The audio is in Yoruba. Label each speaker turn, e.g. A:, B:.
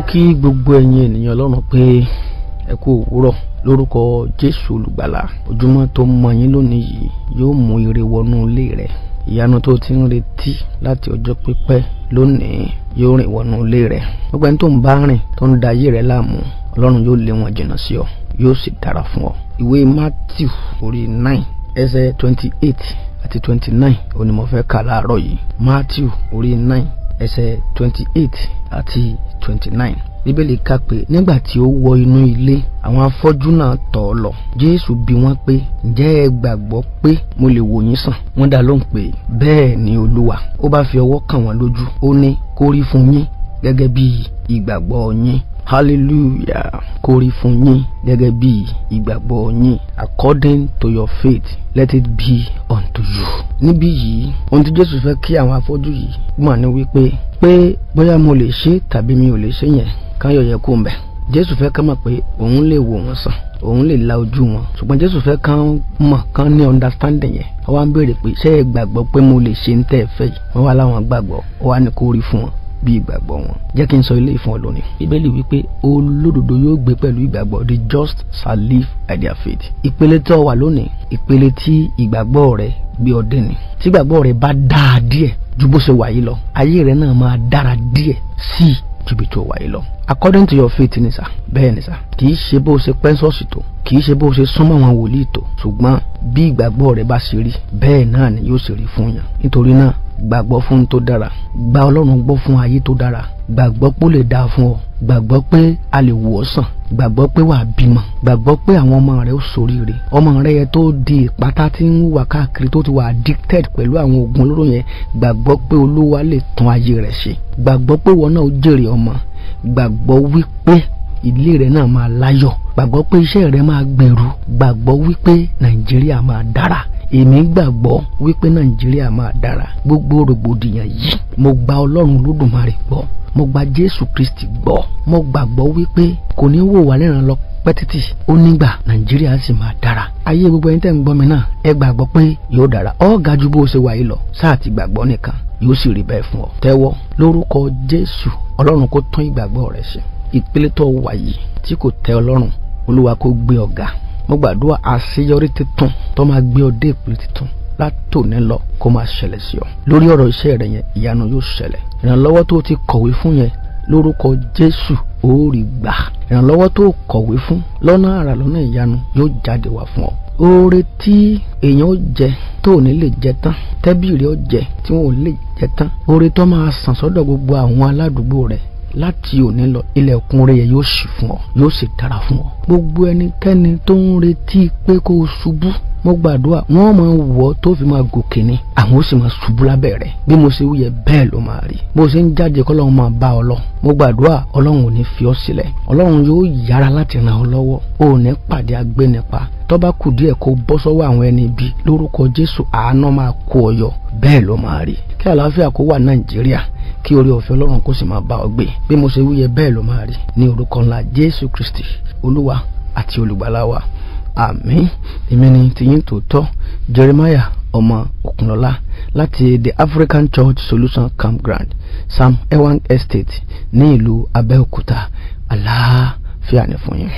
A: mo kí gbogbo ẹ̀yin ènìyàn ọlọ́run pé ẹ kú òwúrọ̀ lórúkọ jésù olùgbàlà ojúmọ́ tó mọ́ yín lónìí yìí yóò mú ire wọnú ilé rẹ ìyanu tó ti ń retí láti ọjọ́ pípẹ́ lónìí yóò rìn wọnú ilé rẹ gbogbo ẹni tó ń bá rìn tó ń da ayé rẹ láàmú ọlọ́run yóò lé wọn jìnnà sí ọ yóò sì dára fún ọ ìwé matthew orí nine ẹsẹ̀ twenty eight àti twenty nine òní mo fẹ́ kà láàárọ̀ yìí matthew orí nine ẹsẹ̀ twenty eight àti twenty nine bíbélì kà pé nígbà tí ó wọ inú ilé àwọn afọ́jú náà tọ̀ ọ́ lọ jésù bi wọ́n pé ǹjẹ́ ẹ gbàgbọ́ pé mo lè wò yín sàn wọ́n dá lóhùn pé bẹ́ẹ̀ ni olúwa ó bá fi ọwọ́ kàn wọ́n lójú ó ní kó fún yín gẹ́gẹ́ bí ìgbàgbọ́ yín hallelujah kó rí fún yín gẹ́gẹ́ bí ìgbàgbọ́ yín according to your faith let it be unto you. níbí yìí ohun tí jésù fẹ́ kí àwọn afọ́jú yìí mọ̀ ní wípé pé bóyá mo lè ṣe tàbí mi ò lè ṣe yẹn káyọ̀ yẹ kó mbẹ̀ jésù fẹ́ ká mọ̀ pé òun lè wò wọ́n sàn òun lè la ojú wọn ṣùgbọ́n jésù fẹ́ kán mọ̀ kán ní understanding yẹn wọ́n wá ń béèrè pé ṣé ẹ gbàgbọ́ pé mo lè ṣe ń tẹ́ ẹ fẹ́ yìí wọ́n wá láwọn gbàgbọ́ wọ́n wá ní kó fún wọn bí ìgbàgbọ́ wọn jẹ́ kí n sọ ilé ìfún ọlọ́ni bíbélì wípé olódodo yóò gbé pẹ̀lú ìgbàgbọ́ the just shall live by their faith ìpele tó wà lónìí ìpele tí ìgbàgbọ́ rẹ gbé ọdẹ ni tí ìgbàgbọ́ rẹ bá dáa díẹ̀ ju bó ṣe wà yìí lọ ayé rẹ náà máa dára díẹ̀ sí i ju bí tó wà yìí lọ according to your faith Nisa, sà bẹ́ẹ̀ ni sà kì í ṣe bó ṣe pẹ́ńsọ̀sì tó kì í ṣe bó ṣe súnmọ́ àwọn wòlíì tó ṣùgbọ́n bí ìgbàgbọ́ rẹ bá ṣe rí bẹ́ẹ̀ náà ni yóò ṣe rí fún yàn nítorí náà gbàgbọ́ fún tó dára gba ọlọ́run gbọ́ fún ayé tó dára gbàgbọ́ pé ó lè dáa fún ọ gbàgbọ́ pé a lè wò ọ́ sàn gbàgbọ́ pé wàá bímọ gbàgbọ́ pé àwọn ọmọ rẹ ó ṣoríire ọmọ rẹ yẹn tó di ìpátá tí ń wà káàkiri tó ti wà addicted pẹ̀lú àwọn oògùn olóró yẹn gbàgbọ́ pé olúwa lè tún ayé rẹ̀ ṣe gbàgbọ́ pé wọn náà ó jèrè ọmọ gbàgbọ́ wípé ilé rẹ náà máa láyọ̀ gbàgbọ́ pé iṣẹ́ rẹ máa gbèrú gbàgbọ́ wípé nàìjíríà máa dára èmi gbàgbọ́ wípé nàìjíríà máa dára gbogbo rògbòdìyàn yìí mo gba ọlọ́run olódùmarè gbọ́ mo gba jésù kristi gbọ́ mo gbàgbọ́ wípé kò ní wò wá níran lọ pẹ́ títì ó nígbà nàìjíríà sì máa dára ayé gbogbo ẹni tẹ́ ń gbọ́ mi náà ẹ gbàgbọ́ pé yóò dára ó ga ju bó ṣe wà yìí lọ sáà ti gbàgbọ́ nìkan yóò sì rí bẹ́ẹ̀ fún ọ tẹ́wọ́ lórúkọ jésù ọlọ́run kó tán ìgbàgbọ́ rẹ ṣe ìpele wà yìí tí kò tẹ́ ọlọ́run olúwa kó gbé ọ̀gá mo gbàdúrà àṣeyọrí tuntun tó máa gbé ọ dé ìpele tuntun látòní lọ kó máa ṣẹlẹ̀ sí ọ lórí ọ̀rọ̀ iṣẹ́ rẹ yẹn ìyanu yóò ṣẹlẹ̀ ìrànlọ́wọ́ tó ti kọ̀wé fún yẹn lórúkọ Jésù ó rí gbà ìrànlọ́wọ́ tó kọ̀wé fún lọ́nà àrà lọ́nà ìyanu yóò jáde wá fún ọ oore tí èèyàn ó jẹ tó ní lè jẹ tán tẹ́bìrì ó jẹ tí wọn ò lè jẹ tán oore tó máa sàn sọ́dọ̀ gbogbo àwọn aládùúgbò rẹ̀ láti òní lọ ilẹ̀kùn rẹ̀ yóò ṣì fún ọ yóò sì dára fún ọ. gbogbo ẹnikẹ́ni tó ń retí pé kó o ṣubú mo gbàdúrà wọn máa wọ tó fi máa gòkè ni àwọn ó sì máa ṣubú lábẹ́ bí mo ṣe wúyẹ bẹ́ẹ̀ ló máa rí bó ṣe ń jáde kọ́lọ́run máa bá ọ lọ mo gbàdúrà ọlọ́run ò ní fi ọ sílẹ̀ ọlọ́run yóò yára láti ràn ọ lọ́wọ́ o ò ní pàdé agbénipa tó bá kù díẹ̀ kó bọ́ sọ́wọ́ àwọn ẹni bí lórúkọ jésù àánú máa kó ọ yọ bẹ́ẹ̀ ló máa rí kí àlàáfíà kó wà nàìjíríà kí orí ọ̀fẹ́ ọlọ́run kó sì máa bá ọ gbé bí mo ṣe wúyẹ bẹ́ẹ̀ ló máa rí ní orúkọ ńlá jésù kristi olúwa àti olùgbàlà wa èmi ni tìyín tòótọ́ jeremiah ọmọ òkúnlọ́lá láti the african church solution campground sam ewang estate ní ìlú abẹ́òkúta àlàáfíà ni fún yín.